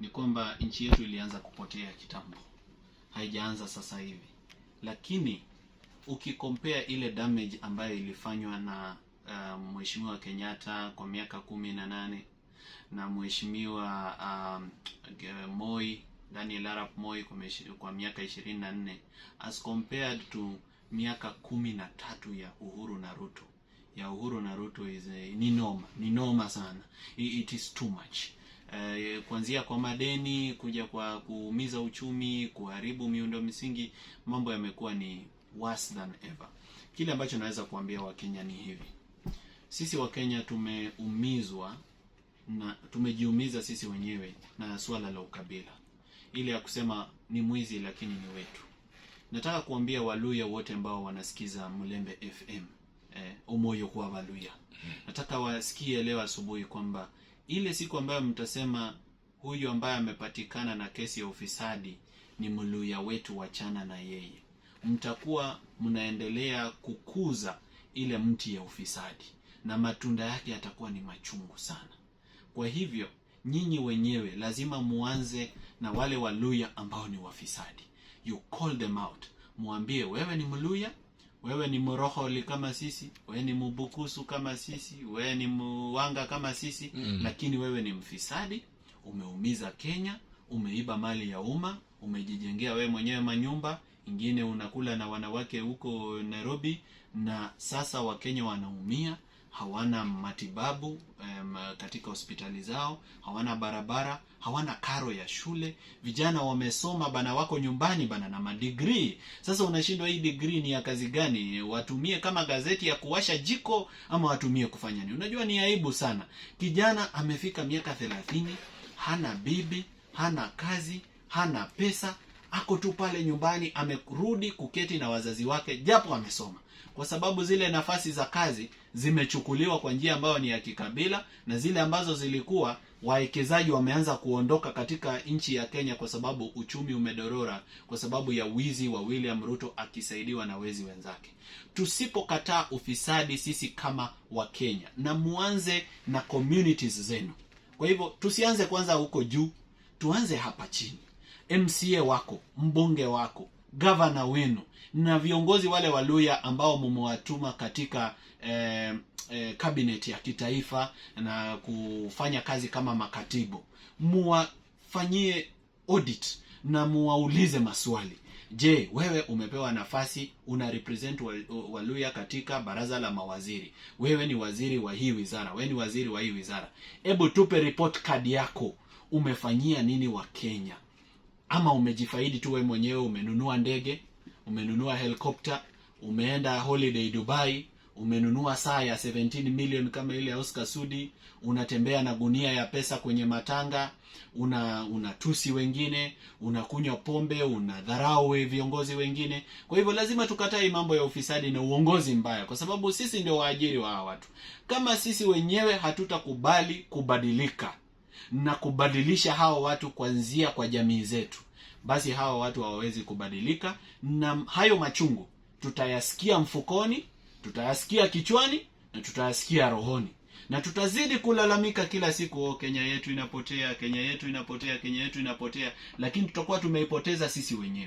ni kwamba nchi yetu ilianza kupotea kitambo, haijaanza sasa hivi, lakini ukikompea ile damage ambayo ilifanywa na uh, mheshimiwa Kenyatta kwa miaka kumi na nane na mheshimiwa um, Moi Daniel Arap Moi kwa miaka ishirini na nne as compared to miaka kumi na tatu ya Uhuru na Ruto ya Uhuru na Ruto is ni noma, ni noma sana. It is too much uh, kuanzia kwa madeni kuja kwa kuumiza uchumi, kuharibu miundo misingi, mambo yamekuwa ni worse than ever. Kile ambacho naweza kuambia Wakenya ni hivi, sisi Wakenya tumeumizwa na tumejiumiza sisi wenyewe na swala la ukabila, ile ya kusema ni mwizi lakini ni wetu. Nataka kuambia Waluya wote ambao wanasikiza Mlembe FM eh, umoyo kwa Waluya, mm-hmm. nataka wasikie leo asubuhi kwamba ile siku ambayo mtasema huyu ambaye amepatikana na kesi ya ufisadi ni mluya wetu, wachana na yeye, mtakuwa mnaendelea kukuza ile mti ya ufisadi na matunda yake yatakuwa ni machungu sana. Kwa hivyo nyinyi wenyewe lazima muanze na wale waluya ambao ni wafisadi, you call them out, mwambie wewe ni mluya wewe ni Moroholi kama sisi, wewe ni Mbukusu kama sisi, wewe ni Mwanga kama sisi mm. Lakini wewe ni mfisadi, umeumiza Kenya, umeiba mali ya umma, umejijengea wewe mwenyewe manyumba ingine, unakula na wanawake huko Nairobi, na sasa Wakenya wanaumia hawana matibabu um, katika hospitali zao, hawana barabara, hawana karo ya shule. Vijana wamesoma bana, wako nyumbani bana na madigrii. Sasa unashindwa hii digrii ni ya kazi gani? Watumie kama gazeti ya kuwasha jiko ama watumie kufanya nini? Unajua ni aibu sana. Kijana amefika miaka thelathini, hana bibi, hana kazi, hana pesa ako tu pale nyumbani, amerudi kuketi na wazazi wake, japo amesoma, kwa sababu zile nafasi za kazi zimechukuliwa kwa njia ambayo ni ya kikabila, na zile ambazo zilikuwa wawekezaji wameanza kuondoka katika nchi ya Kenya kwa sababu uchumi umedorora, kwa sababu ya wizi wa William Ruto akisaidiwa na wezi wenzake. Tusipokataa ufisadi sisi kama Wakenya, na muanze na communities zenu. Kwa hivyo tusianze kwanza huko juu, tuanze hapa chini. MCA wako, mbunge wako, gavana wenu na viongozi wale wa ambao mumewatuma katika eh, eh, kabinet ya kitaifa na kufanya kazi kama makatibu, muwafanyie audit na muwaulize maswali. Je, wewe umepewa nafasi, una represent waluya katika baraza la mawaziri, wewe ni waziri wa hii wizara, wewe ni waziri wa hii wizara, hebu tupe report card yako, umefanyia nini wa kenya ama umejifaidi tu wewe mwenyewe, umenunua ndege, umenunua helikopta, umeenda holiday Dubai, umenunua saa ya 17 million kama ile ya Oscar Sudi, unatembea na gunia ya pesa kwenye matanga, una unatusi wengine, unakunywa pombe, unadharau viongozi wengine. Kwa hivyo lazima tukatae mambo ya ufisadi na uongozi mbaya, kwa sababu sisi ndio waajiri wa hawa watu. Kama sisi wenyewe hatutakubali kubadilika na kubadilisha hao watu kuanzia kwa jamii zetu, basi hao watu hawawezi kubadilika, na hayo machungu tutayasikia mfukoni, tutayasikia kichwani na tutayasikia rohoni, na tutazidi kulalamika kila siku, oh, Kenya yetu inapotea, Kenya yetu inapotea, Kenya yetu inapotea, lakini tutakuwa tumeipoteza sisi wenyewe.